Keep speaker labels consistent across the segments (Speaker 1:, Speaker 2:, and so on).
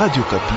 Speaker 1: Radio Okapi.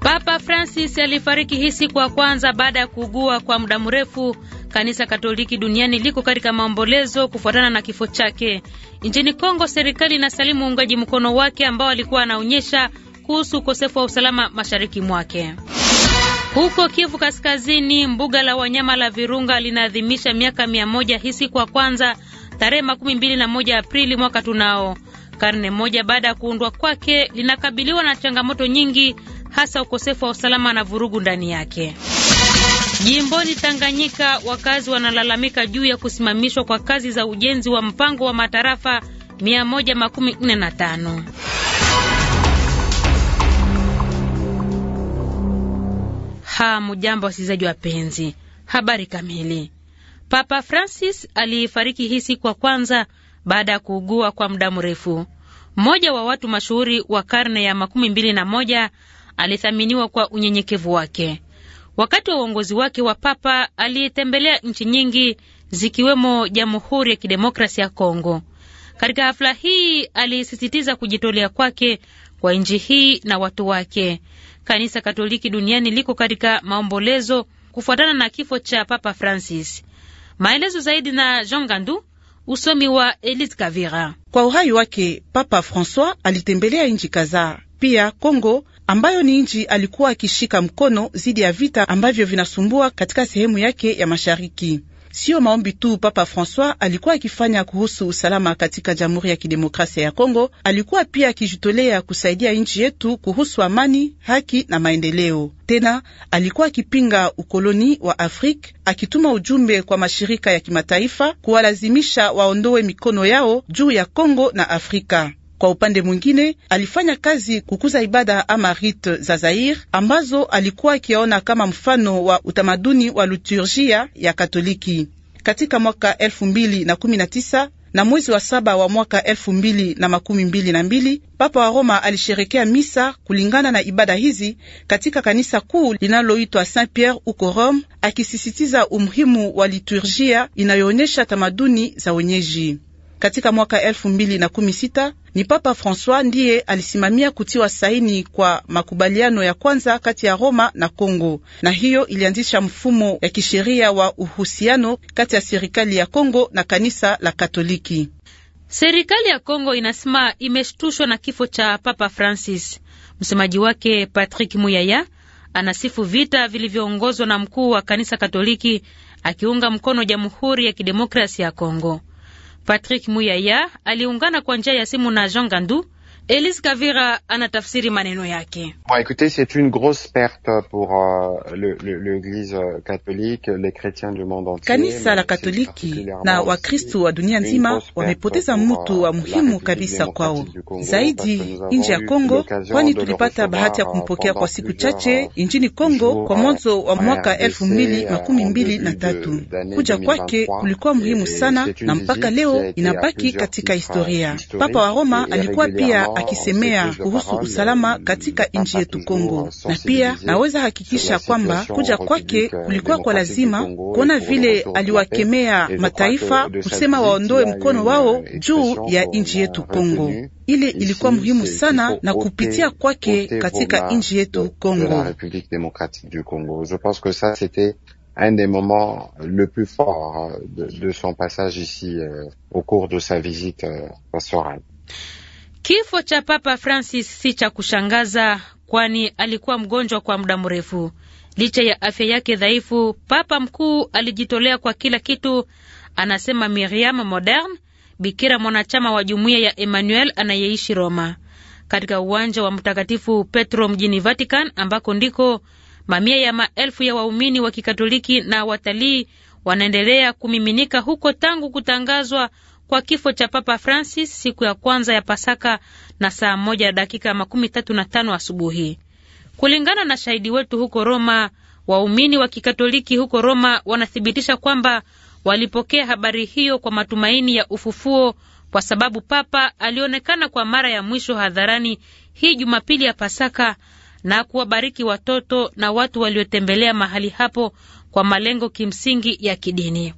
Speaker 2: Papa Francis alifariki hii siku kwanza baada ya kuugua kwa muda mrefu. Kanisa Katoliki duniani liko katika maombolezo kufuatana na kifo chake. Nchini Kongo, serikali inasalimu uungaji mkono wake ambao alikuwa anaonyesha kuhusu ukosefu wa usalama mashariki mwake. Huko Kivu Kaskazini, mbuga la wanyama la Virunga linaadhimisha miaka mia moja kwa kwanza tarehe makumi mbili na moja Aprili mwaka tunao. Karne moja baada ya kuundwa kwake, linakabiliwa na changamoto nyingi, hasa ukosefu wa usalama na vurugu ndani yake. Jimboni Tanganyika, wakazi wanalalamika juu ya kusimamishwa kwa kazi za ujenzi wa mpango wa matarafa 145. Hamujambo wasikilizaji wapenzi, habari kamili. Papa Francis alifariki hii siku ya kwanza baada ya kuugua kwa muda mrefu. Mmoja wa watu mashuhuri wa karne ya makumi mbili na moja alithaminiwa kwa unyenyekevu wake. Wakati wa uongozi wake wa papa aliyetembelea nchi nyingi zikiwemo Jamhuri ya Kidemokrasi ya Kongo. Katika hafla hii alisisitiza kujitolea kwake kwa nchi hii na watu wake. Kanisa Katoliki duniani liko katika maombolezo kufuatana na kifo cha Papa Francis. Maelezo zaidi na Jean Gandu. Usomi wa Elise Kavira. Kwa uhai wake Papa
Speaker 3: Francois alitembelea nchi kadhaa, pia congo ambayo ni nchi alikuwa akishika mkono dhidi ya vita ambavyo vinasumbua katika sehemu yake ya mashariki. Sio maombi tu Papa Francois alikuwa akifanya kuhusu usalama katika Jamhuri ya Kidemokrasia ya Kongo, alikuwa pia akijitolea kusaidia nchi yetu kuhusu amani, haki na maendeleo. Tena alikuwa akipinga ukoloni wa Afrika, akituma ujumbe kwa mashirika ya kimataifa kuwalazimisha waondoe mikono yao juu ya Kongo na Afrika. Kwa upande mwingine, alifanya kazi kukuza ibada ama rite za Zair ambazo alikuwa akiona kama mfano wa utamaduni wa liturjia ya Katoliki. Katika mwaka elfu mbili na kumi na tisa na mwezi wa saba wa mwaka elfu mbili na makumi mbili na mbili Papa wa Roma alisherekea misa kulingana na ibada hizi katika kanisa kuu linaloitwa Saint Pierre uko Rome, akisisitiza umuhimu wa liturjia inayoonyesha tamaduni za wenyeji katika mwaka elfu mbili na kumi sita ni Papa Francois ndiye alisimamia kutiwa saini kwa makubaliano ya kwanza kati ya Roma na Kongo, na hiyo ilianzisha mfumo ya kisheria wa uhusiano kati ya serikali ya Kongo na kanisa la Katoliki.
Speaker 2: Serikali ya Kongo inasema imeshtushwa na kifo cha Papa Francis. Msemaji wake Patrick Muyaya anasifu vita vilivyoongozwa na mkuu wa kanisa Katoliki akiunga mkono Jamhuri ya Kidemokrasia ya Kongo. Patrick Muyaya aliungana kwa njia ya simu na Jean Gandu Elise Kavira anatafsiri maneno yake.
Speaker 4: Bon, écoutez, c'est une grosse perte
Speaker 1: pour uh, l'Eglise le, le, euh, catholique, les chrétiens du monde entier. Kanisa
Speaker 2: la
Speaker 3: Katoliki na Wakristo wa dunia nzima wamepoteza mtu wa euh, muhimu kabisa kwao, zaidi nje ya Kongo, kwani tulipata bahati ya euh, kumpokea kwa siku chache nchini Kongo kwa mwanzo wa mwaka elfu mbili makumi mbili na tatu. Kuja kwake kulikuwa muhimu sana na mpaka leo inabaki katika historia. Papa wa Roma alikuwa pia akisemea kuhusu usalama katika nchi yetu Kongo, na pia naweza hakikisha kwamba kuja kwake kulikuwa kwa lazima, kuona vile aliwakemea mataifa kusema waondoe mkono wao juu ya nchi yetu Kongo. Ile ilikuwa muhimu sana na kupitia kwake katika nchi yetu Kongo.
Speaker 1: Un des moments le plus fort de, de son passage ici euh, au cours de sa visite euh, pastorale.
Speaker 2: Kifo cha Papa Francis si cha kushangaza, kwani alikuwa mgonjwa kwa muda mrefu. Licha ya afya yake dhaifu, Papa mkuu alijitolea kwa kila kitu, anasema Miriam Modern, bikira mwanachama wa jumuiya ya Emmanuel anayeishi Roma. Katika uwanja wa Mtakatifu Petro mjini Vatican, ambako ndiko mamia ya maelfu ya waumini wa Kikatoliki na watalii wanaendelea kumiminika huko tangu kutangazwa kwa kifo cha Papa Francis siku ya kwanza ya Pasaka na saa moja dakika makumi tatu na tano asubuhi. Kulingana na shahidi wetu huko Roma, waumini wa Kikatoliki huko Roma wanathibitisha kwamba walipokea habari hiyo kwa matumaini ya ufufuo, kwa sababu Papa alionekana kwa mara ya mwisho hadharani hii Jumapili ya Pasaka na kuwabariki watoto na watu waliotembelea mahali hapo kwa malengo kimsingi ya kidini.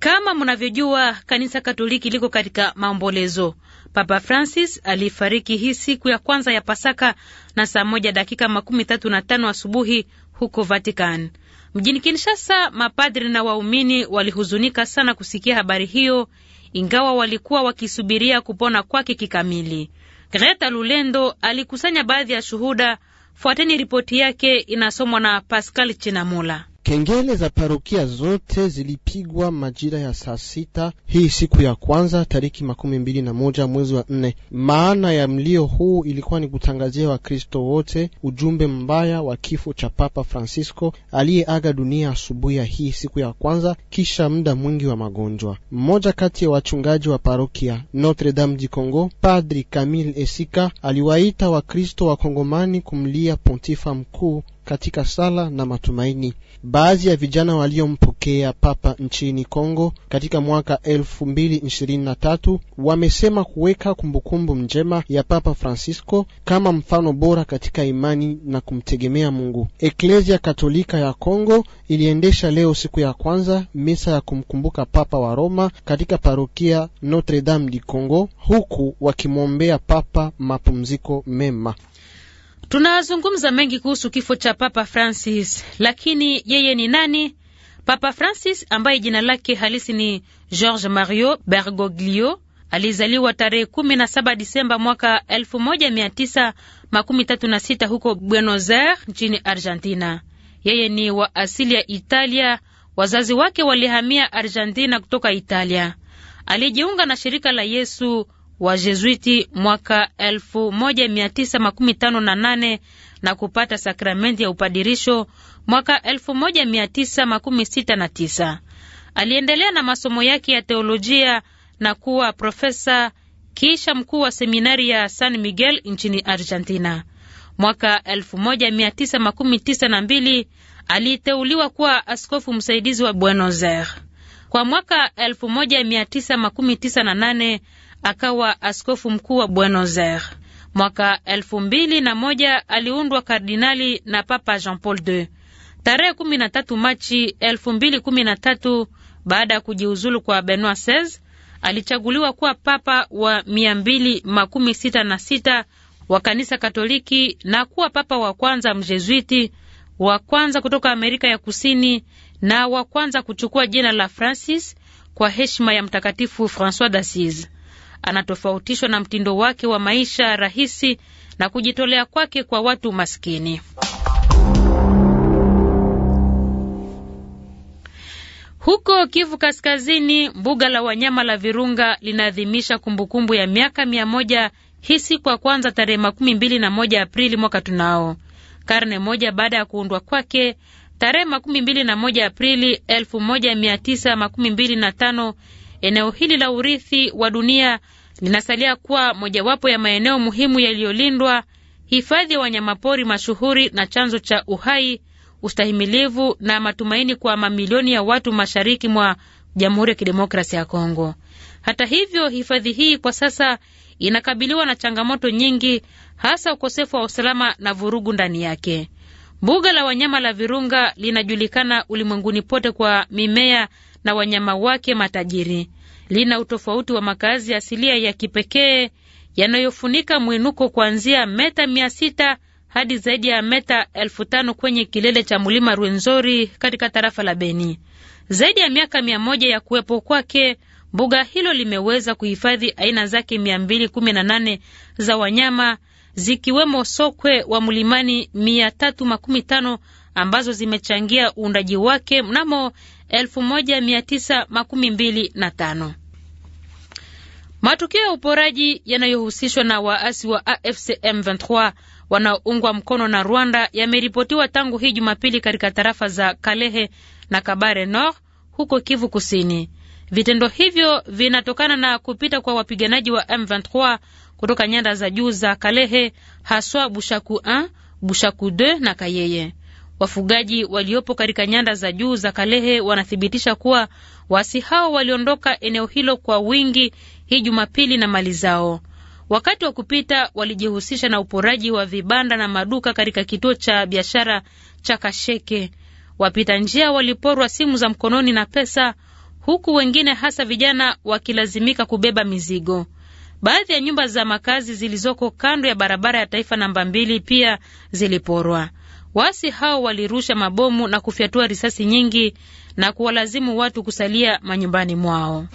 Speaker 2: Kama mnavyojua, kanisa Katoliki liko katika maombolezo. Papa Francis alifariki hii siku ya kwanza ya Pasaka na saa moja dakika makumi tatu na tano asubuhi huko Vatican. Mjini Kinshasa, mapadri na waumini walihuzunika sana kusikia habari hiyo, ingawa walikuwa wakisubiria kupona kwake kikamili. Greta Lulendo alikusanya baadhi ya shuhuda. Fuateni ripoti yake, inasomwa na Pascal Chinamula.
Speaker 4: Kengele za parokia zote zilipigwa majira ya saa sita hii siku ya kwanza tariki makumi mbili na moja mwezi wa nne. Maana ya mlio huu ilikuwa ni kutangazia Wakristo wote ujumbe mbaya wa kifo cha Papa Francisco aliyeaga dunia asubuhi ya hii siku ya kwanza kisha muda mwingi wa magonjwa. Mmoja kati ya wachungaji wa parokia Notre Dame du Congo, Padri Camille Esika, aliwaita Wakristo Wakongomani kumlia pontifa mkuu katika sala na matumaini. Baadhi ya vijana waliompokea Papa nchini Kongo katika mwaka 2023 wamesema kuweka kumbukumbu njema ya Papa Francisco kama mfano bora katika imani na kumtegemea Mungu. Eklezia Katolika ya Kongo iliendesha leo siku ya kwanza misa ya kumkumbuka Papa wa Roma katika parokia Notre Dame du Congo, huku wakimwombea Papa mapumziko mema.
Speaker 2: Tunazungumza mengi kuhusu kifo cha Papa Francis, lakini yeye ni nani? Papa Francis ambaye jina lake halisi ni George Mario Bergoglio alizaliwa tarehe 17 Disemba mwaka 1936 huko Buenos Aires nchini Argentina. Yeye ni wa asili ya Italia. Wazazi wake walihamia Argentina kutoka Italia. Alijiunga na shirika la Yesu Wajezuiti mwaka 1958 na kupata sakramenti ya upadirisho mwaka 1969. Aliendelea na masomo yake ya teolojia na kuwa profesa kisha mkuu wa seminari ya San Miguel nchini Argentina. Mwaka 1992 aliteuliwa kuwa askofu msaidizi wa Buenos Aires. Kwa mwaka 1998 akawa askofu mkuu wa Buenos Aires. Mwaka elfu mbili na moja aliundwa kardinali na Papa Jean Paul II. Tarehe kumi na tatu Machi elfu mbili kumi na tatu baada ya kujiuzulu kwa Benoit XVI alichaguliwa kuwa papa wa mia mbili makumi sita na sita wa kanisa Katoliki na kuwa papa wa kwanza mjezuiti wa kwanza kutoka Amerika ya Kusini na wa kwanza kuchukua jina la Francis kwa heshima ya Mtakatifu Francois d'Assise anatofautishwa na mtindo wake wa maisha rahisi na kujitolea kwake kwa watu maskini. Huko Kivu Kaskazini, mbuga la wanyama la Virunga linaadhimisha kumbukumbu ya miaka mia moja hisi kwa kwanza tarehe makumi mbili na moja Aprili mwaka tunao, karne moja baada ya kuundwa kwake. Tarehe makumi mbili na moja Aprili elfu moja mia tisa makumi mbili na tano eneo hili la urithi wa dunia linasalia kuwa mojawapo ya maeneo muhimu yaliyolindwa, hifadhi ya wanyamapori mashuhuri na chanzo cha uhai, ustahimilivu na matumaini kwa mamilioni ya watu mashariki mwa Jamhuri ya Kidemokrasia ya Kongo. Hata hivyo, hifadhi hii kwa sasa inakabiliwa na changamoto nyingi, hasa ukosefu wa usalama na vurugu ndani yake. Mbuga la wanyama la Virunga linajulikana ulimwenguni pote kwa mimea na wanyama wake matajiri. Lina utofauti wa makazi asilia ya kipekee yanayofunika mwinuko kuanzia meta mia sita hadi zaidi ya meta elfu tano kwenye kilele cha mlima Rwenzori katika tarafa la Beni. Zaidi ya miaka mia moja ya kuwepo kwake, mbuga hilo limeweza kuhifadhi aina zake mia mbili kumi na nane za wanyama zikiwemo sokwe wa mlimani mia tatu makumi tano ambazo zimechangia uundaji wake mnamo elfu moja mia tisa makumi mbili na tano. Matukio ya uporaji yanayohusishwa na waasi wa AFC M23 wanaoungwa mkono na Rwanda yameripotiwa tangu hii Jumapili katika tarafa za Kalehe na Kabare Nord huko Kivu Kusini. Vitendo hivyo vinatokana na kupita kwa wapiganaji wa M23 kutoka nyanda za juu za Kalehe, haswa Bushaku 1, Bushaku 2 na Kayeye. Wafugaji waliopo katika nyanda za juu za Kalehe wanathibitisha kuwa waasi hao waliondoka eneo hilo kwa wingi hii Jumapili na mali zao. Wakati wa kupita walijihusisha na uporaji wa vibanda na maduka katika kituo cha biashara cha Kasheke. Wapita njia waliporwa simu za mkononi na pesa, huku wengine hasa vijana wakilazimika kubeba mizigo. Baadhi ya nyumba za makazi zilizoko kando ya barabara ya taifa namba mbili pia ziliporwa. Waasi hao walirusha mabomu na kufyatua risasi nyingi na kuwalazimu watu kusalia manyumbani mwao.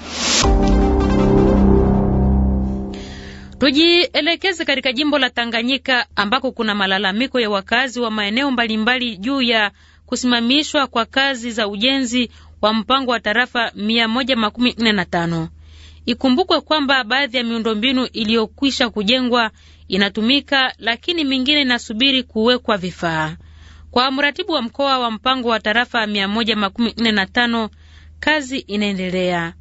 Speaker 2: Tujielekeze katika jimbo la Tanganyika ambako kuna malalamiko ya wakazi wa maeneo mbalimbali juu ya kusimamishwa kwa kazi za ujenzi wa mpango wa tarafa 145. Ikumbukwe kwamba baadhi ya miundombinu iliyokwisha kujengwa inatumika, lakini mingine inasubiri kuwekwa vifaa. Kwa mratibu wa mkoa wa mpango wa tarafa 145 kazi inaendelea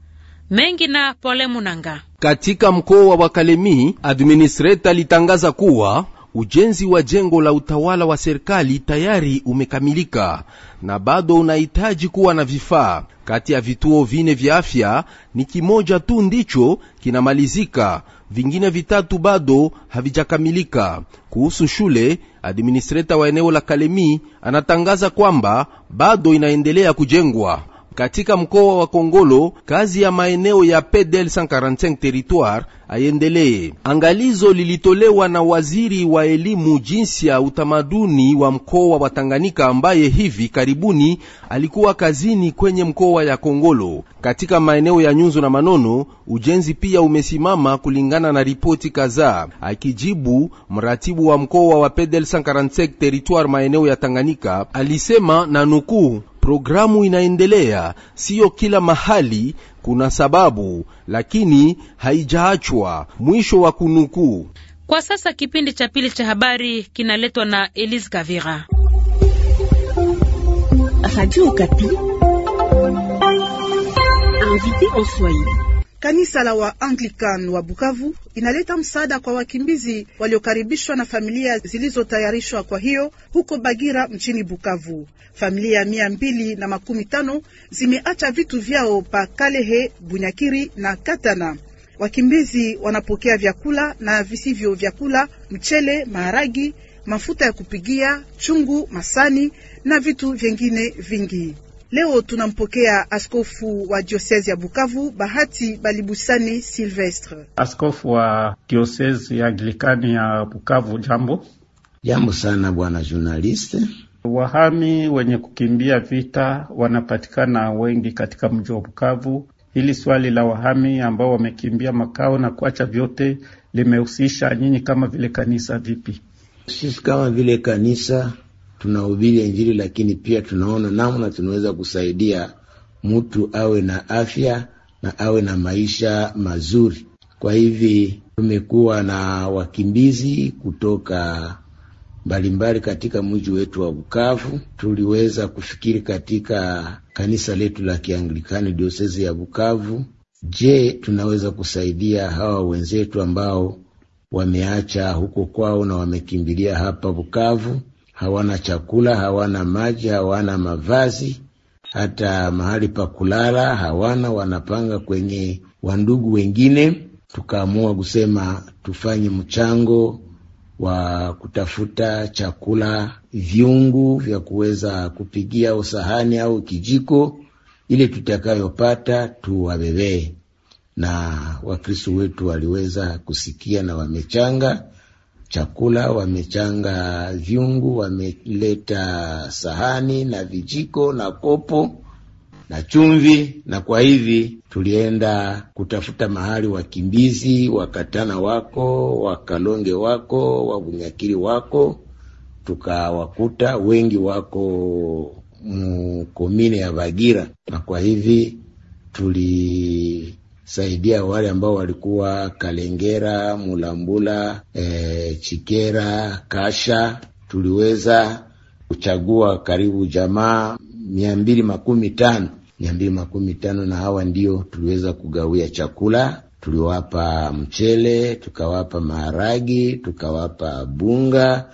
Speaker 2: mengi na Pole Munanga
Speaker 5: katika mkoa wa Kalemi, administreta alitangaza kuwa Ujenzi wa jengo la utawala wa serikali tayari umekamilika na bado unahitaji kuwa na vifaa. Kati ya vituo vine vya afya ni kimoja tu ndicho kinamalizika, vingine vitatu bado havijakamilika. Kuhusu shule, administreta wa eneo la Kalemi anatangaza kwamba bado inaendelea kujengwa. Katika mkoa wa Kongolo, kazi ya maeneo ya PDL 145 territoire ayendelee. Angalizo lilitolewa na waziri wa elimu, jinsi ya utamaduni wa mkoa wa Tanganyika, ambaye hivi karibuni alikuwa kazini kwenye mkoa ya Kongolo. Katika maeneo ya Nyunzu na Manono, ujenzi pia umesimama kulingana na ripoti kadhaa. Akijibu, mratibu wa mkoa wa PDL 145 territoire maeneo ya Tanganyika alisema na nukuu Programu inaendelea, siyo kila mahali kuna sababu, lakini haijaachwa. Mwisho wa kunukuu.
Speaker 2: Kwa sasa kipindi cha pili cha habari kinaletwa na Elise Kavira.
Speaker 3: Radio Okapi, invité en Swahili. Kanisa la Waanglican wa Bukavu inaleta msaada kwa wakimbizi waliokaribishwa na familia zilizotayarishwa kwa hiyo huko Bagira mchini Bukavu. Familia mia mbili na makumi tano zimeacha vitu vyao pa Kalehe, Bunyakiri na Katana. Wakimbizi wanapokea vyakula na visivyo vyakula, mchele, maharagi, mafuta ya kupigia, chungu, masani na vitu vyengine vingi. Leo tunampokea askofu wa diosezi ya Bukavu, Bahati Balibusani Silvestre,
Speaker 6: askofu wa diosezi ya Anglikani ya Bukavu. Jambo,
Speaker 7: jambo sana bwana journaliste.
Speaker 6: Wahami wenye kukimbia vita wanapatikana wengi katika mji wa Bukavu. Hili swali la wahami ambao wamekimbia makao na kuacha vyote
Speaker 7: limehusisha nyinyi kama vile kanisa vipi? Sisi kama vile kanisa tunahubiri Injili, lakini pia tunaona namna tunaweza kusaidia mtu awe na afya na awe na maisha mazuri. Kwa hivi tumekuwa na wakimbizi kutoka mbalimbali katika mji wetu wa Bukavu. Tuliweza kufikiri katika kanisa letu la Kianglikani diosezi ya Bukavu, je, tunaweza kusaidia hawa wenzetu ambao wameacha huko kwao na wamekimbilia hapa Bukavu hawana chakula, hawana maji, hawana mavazi, hata mahali pa kulala hawana, wanapanga kwenye wandugu wengine. Tukaamua kusema tufanye mchango wa kutafuta chakula, vyungu vya kuweza kupigia usahani au kijiko, ili tutakayopata tuwabebee, na Wakristo wetu waliweza kusikia na wamechanga chakula, wamechanga vyungu, wameleta sahani na vijiko na kopo na chumvi. Na kwa hivi tulienda kutafuta mahali wakimbizi, wakatana wako, wakalonge wako, wagunyakiri wako, tukawakuta wengi wako mkomine ya Bagira, na kwa hivi tuli saidia wale ambao walikuwa Kalengera, Mulambula, e, Chikera, Kasha. Tuliweza kuchagua karibu jamaa mia mbili makumi tano mia mbili makumi tano na hawa ndio tuliweza kugawia chakula. Tuliwapa mchele, tukawapa maharagi, tukawapa bunga,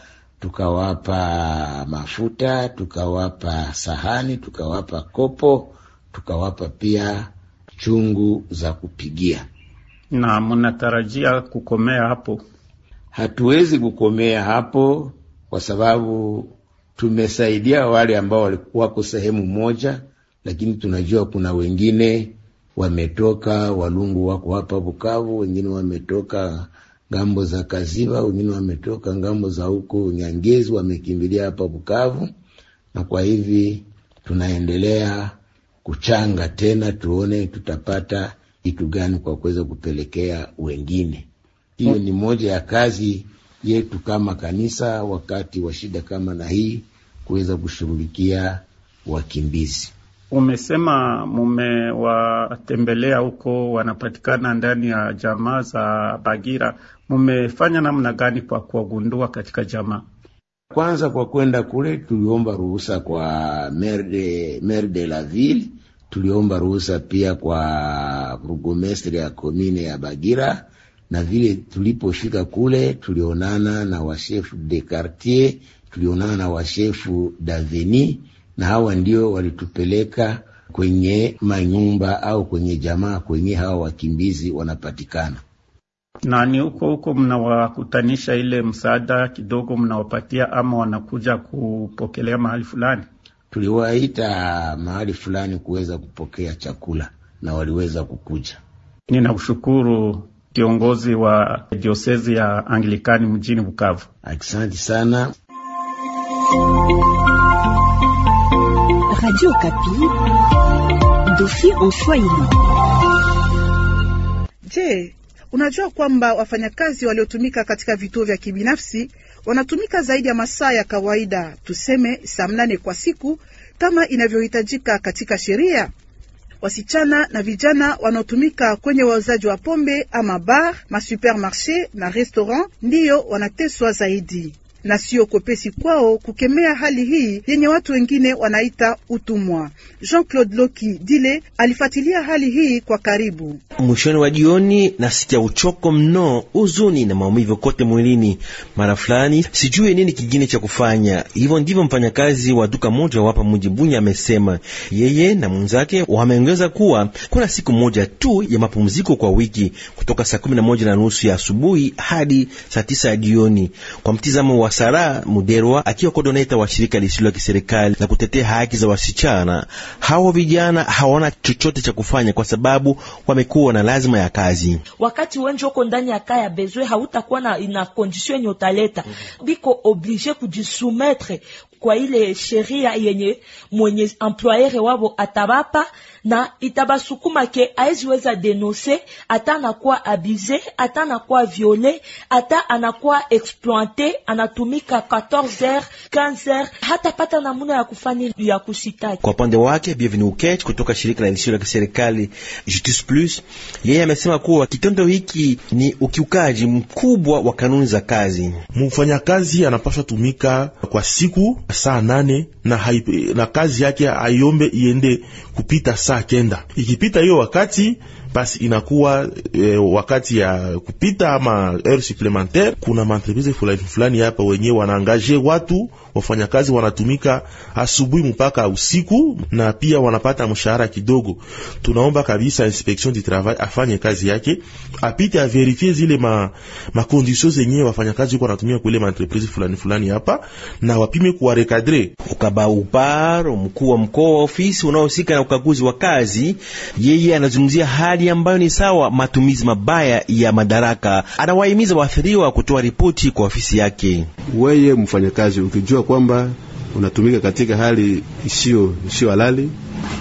Speaker 7: tukawapa mafuta, tukawapa sahani, tukawapa kopo, tukawapa pia chungu za kupigia. Na mnatarajia kukomea hapo? Hatuwezi kukomea hapo kwa sababu tumesaidia wale ambao walikuwa wako sehemu moja, lakini tunajua kuna wengine wametoka Walungu, wako hapa Bukavu, wengine wametoka ngambo za Kaziba, wengine wametoka ngambo za huko Nyangezi, wamekimbilia hapa Bukavu, na kwa hivi tunaendelea kuchanga tena, tuone tutapata kitu gani kwa kuweza kupelekea wengine. Hiyo ni moja ya kazi yetu kama kanisa, wakati wa shida kama na hii, kuweza kushughulikia wakimbizi. Umesema
Speaker 6: mumewatembelea huko, wanapatikana ndani ya jamaa za Bagira. Mumefanya namna gani kwa kuwagundua katika jamaa?
Speaker 7: Kwanza kwa kwenda kule, tuliomba ruhusa kwa mer de la ville tuliomba ruhusa pia kwa burugomestre ya komine ya Bagira, na vile tulipofika kule tulionana na washefu de quartier, tulionana na washefu daveni, na hawa ndio walitupeleka kwenye manyumba au kwenye jamaa kwenye hawa wakimbizi wanapatikana.
Speaker 6: Na ni huko huko mnawakutanisha, ile msaada kidogo mnawapatia, ama wanakuja kupokelea
Speaker 7: mahali fulani? tuliwaita mahali fulani kuweza kupokea chakula na waliweza kukuja.
Speaker 6: Ninakushukuru kiongozi wa diosezi ya Anglikani mjini Bukavu, asante sana.
Speaker 3: Radio Kapi, en Swahili. Je, Unajua kwamba wafanyakazi waliotumika katika vituo vya kibinafsi wanatumika zaidi ya masaa ya kawaida, tuseme saa mnane kwa siku kama inavyohitajika katika sheria. Wasichana na vijana wanaotumika kwenye wauzaji wa pombe ama bar, masupermarche na restaurant ndiyo wanateswa zaidi na sio kwepesi kwao kukemea hali hii yenye watu wengine wanaita utumwa. Jean-Claude Loki Dile alifuatilia hali hii kwa karibu.
Speaker 1: Mwishoni wa jioni, nasikia uchoko mno, huzuni na maumivu kote mwilini. Mara fulani sijui nini kingine cha kufanya. Hivyo ndivyo mfanyakazi wa duka moja wapa mji Bunya amesema. Yeye na mwenzake wameongeza kuwa kuna siku moja tu ya mapumziko kwa wiki kutoka saa kumi na moja na nusu ya asubuhi hadi saa tisa ya jioni. Kwa mtizamo wa Sara Muderwa akiwa kodoneta wa shirika lisilo la kiserikali la kutetea haki za wasichana. Hao vijana hawana chochote cha kufanya kwa sababu wamekuwa na lazima ya kazi.
Speaker 2: Wakati wengi wako ndani ya kaya bezwe, hautakuwa na ina condition yenye utaleta biko oblige kujisumetre kwa ile sheria yenye mwenye employeur wabo atabapa na itabasukuma ke aeziweza denonse hata anakuwa abuse, hata anakuwa viole, ata anakuwa exploite, anatumika 14 heures 15 heures, hata pata namuna ya kufani ya kusitaki.
Speaker 1: Kwa upande wake Bienvenu Ukech kutoka shirika la lisio la kiserikali Justice Plus, yeye amesema kuwa kitendo hiki ni ukiukaji mkubwa wa kanuni za kazi. Mfanyakazi anapaswa tumika kwa siku saa nane na, haipe, na kazi yake aiombe iende kupita saa kenda. Ikipita hiyo wakati basi inakuwa e, wakati ya kupita ama heure supplementaire. Kuna maentreprise fulani fulani hapa wenyewe wanaangaje watu wafanyakazi wanatumika asubuhi mpaka usiku, na pia wanapata mshahara kidogo. Tunaomba kabisa inspection du travail afanye kazi yake, apite averifie zile ma, ma conditions zenyewe wafanyakazi wako wanatumia kule ma entreprise fulani fulani hapa, na wapime kuwa recadrer. Ukaba mkuu wa mkoa wa ofisi unaohusika na ukaguzi wa kazi, yeye anazungumzia hali ambayo ni sawa matumizi mabaya ya madaraka. Anawahimiza waathiriwa kutoa ripoti kwa ofisi yake. Weye mfanyakazi ukijua ukiona kwamba unatumika katika hali isiyo isiyo halali,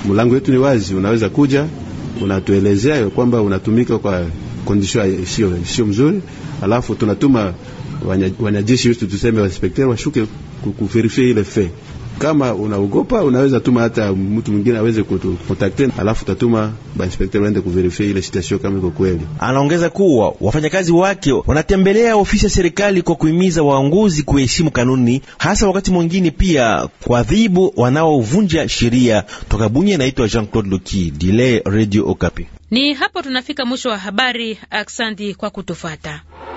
Speaker 1: mlango wetu ni wazi, unaweza kuja unatuelezea kwamba unatumika kwa kondisho isiyo isiyo mzuri, alafu tunatuma wanajeshi wetu tuseme wainspekteri washuke kuverifie ile fe kama unaogopa unaweza tuma hata mtu mwingine aweze kutukontakte, alafu tatuma bainspekter waende kuverifia ile situation kama iko kweli. Anaongeza kuwa wafanyakazi wake wanatembelea ofisi ya serikali kwa kuhimiza waongozi kuheshimu kanuni, hasa wakati mwingine pia kuadhibu wanaovunja sheria. Toka Bunye, naitwa Jean Claude Luki Dile, Radio Okapi.
Speaker 2: Ni hapo tunafika mwisho wa habari. Aksandi kwa kutufata.